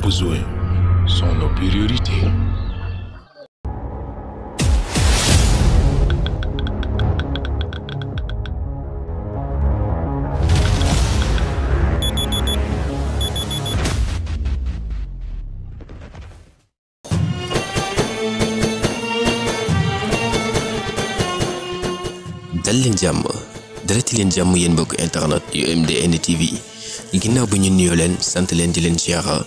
besoins sont nos priorités. dal leen jàmm dara ci leen jàmm yéen mbokk internet yu MDN TV ginnaaw bu ñu nuyo leen sant leen di leen ziara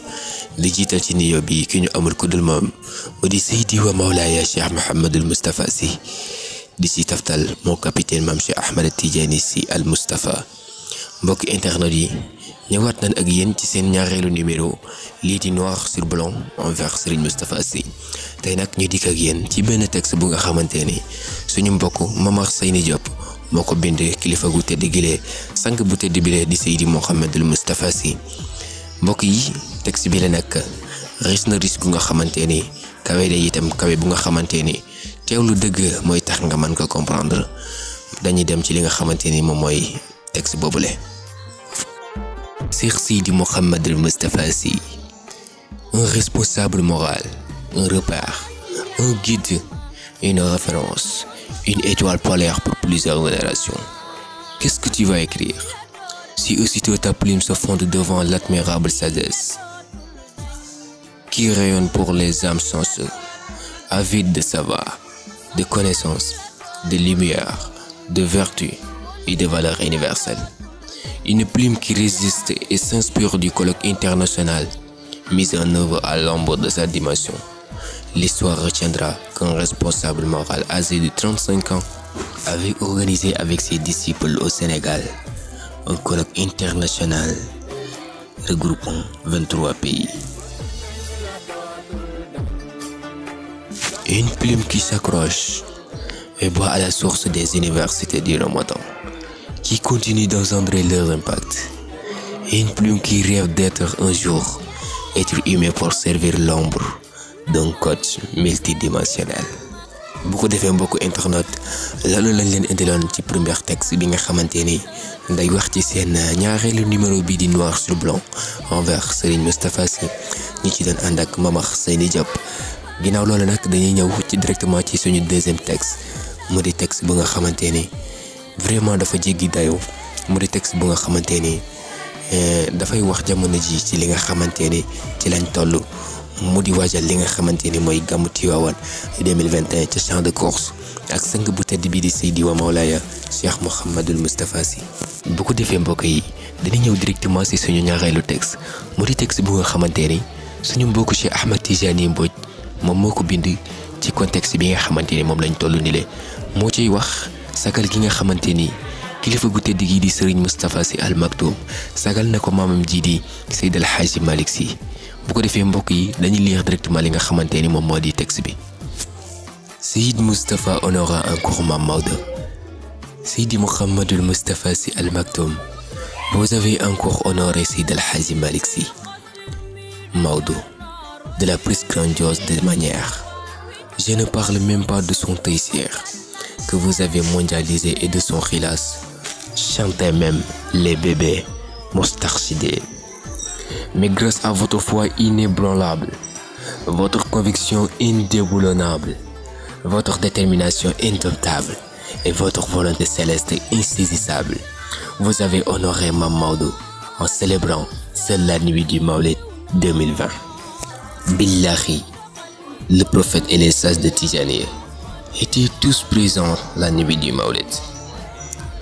li jiital ci nuyo bi ki ñu amul ku dul moom mu di Seydi wa Mawlaaya Cheikh Mouhamadul Moustapha si di si taftal moo capitaine maam Cheikh Ahmed Tidiane si Al Moustapha mbokk internet yi ñëwaat nañ ak yéen ci seen ñaareelu numéro lii di noir sur blanc envers Serigne Moustapha si tey nag ñu dikk ak yéen ci benn texte bu nga xamante ni suñu mbokk mamar Seyni Diop moko bindé kilifa gu tedd gilé sank bu tedd bilé di sayyidi al mustafa si mbok yi texte bi la nak ris na ris gu nga xamanténi kawé day itam kawé bu nga xamanteni téwlu dëgg moy tax nga man ko comprendre dañuy dem ci li nga xamanténi mom moy texte bobulé Cheikh Sidi Mohamed Al-Mustafa Si un responsable moral, un repère, un guide, une référence, Une étoile polaire pour plusieurs générations. Qu'est-ce que tu vas écrire Si aussitôt ta plume se fonde devant l'admirable sagesse, qui rayonne pour les âmes sensées, avides de savoir, de connaissances, de lumière, de vertu et de valeurs universelles. Une plume qui résiste et s'inspire du colloque international, mis en œuvre à l'ombre de sa dimension l'histoire retiendra qu'un responsable moral âgé de 35 ans avait organisé avec ses disciples au Sénégal un colloque international regroupant 23 pays. Une plume qui s'accroche et boit à la source des universités du Ramadan, qui continue d'engendrer leur impact. Une plume qui rêve d'être un jour être humain pour servir l'ombre d'un coach multidimensionnel bu ko defee mbokk internet loolu lañ leen indiloon ci première texte bi nga xamante ni day wax ci seen ñaareelu numéro bi di noir sur blanc envers Serigne Moustapha Sy ñi ci doon ànd ak Mamax Seyni Diop ginnaaw loolu nag dañuy ñëw ci directement ci suñu deuxième texte mu di texte bu nga xamante ni vraiment dafa jéggi dayoo mu di texte bu nga xamante ni eh, dafay wax jamono ji ci li nga xamante ni ci lañ toll mu di waajal li nga xamante ni mooy gàmmu Tiwaawan 2021 ca champ de course ak sang bu tedd bii di Seydi wa Mawlaaya Cheikh Mouhamadul Moustapha Sy bu ko defee mbokk yi dina ñëw directement si suñu lu texte mu di texte bu nga xamante ni suñu mbokk Cheikh Ahmad Tijani Mbodj moom moo ko bind ci contexte bi nga xamante ni moom lañ toll ni moo ciy wax sakal gi nga xamante ni Il faut goûter digi di Serigne Mustafa si Al Maktoum sagal na mamam maamam seyd di Seydi El Hadji Malick Sy bu ko defee yi lire directement li nga ni moom texte bi. Seyid Moustapha honora encore ma Maodo. Seydi Moustapha si Al Maktoum. Vous avez encore honoré seyd al Hadji Malik. Sy. De la plus grandiose des manières. Je ne parle même pas de son taïsir, que vous avez mondialisé et de son khilas chantaient même les bébés moustachidés. Mais grâce à votre foi inébranlable, votre conviction indéboulonnable, votre détermination indomptable et votre volonté céleste insaisissable, vous avez honoré Mamadou en célébrant cette la nuit du Maulet 2020. Billahi, le prophète et les sages de Tijani étaient tous présents la nuit du Maulet.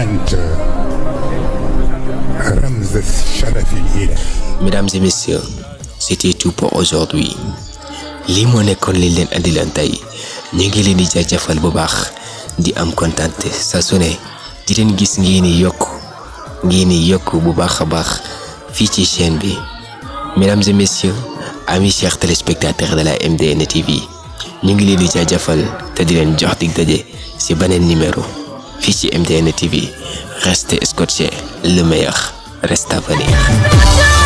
أنت رمز الشرف الإلهي Mesdames et lii moo nekkoon li leen andilan tey ñu ngi leen di jaajëfal bu baax di am kontaan sa su di leen gis ngi ni yokk ngeen ni yokk bu baax a baax fii ci chaîne bi mesdames et messieurs amis chers téléspectateurs de la MDN ñu ngi leen di jaajëfal te di leen jox di daje ci beneen numéro. fii ci MTN TV restez scotché le meilleur reste à venir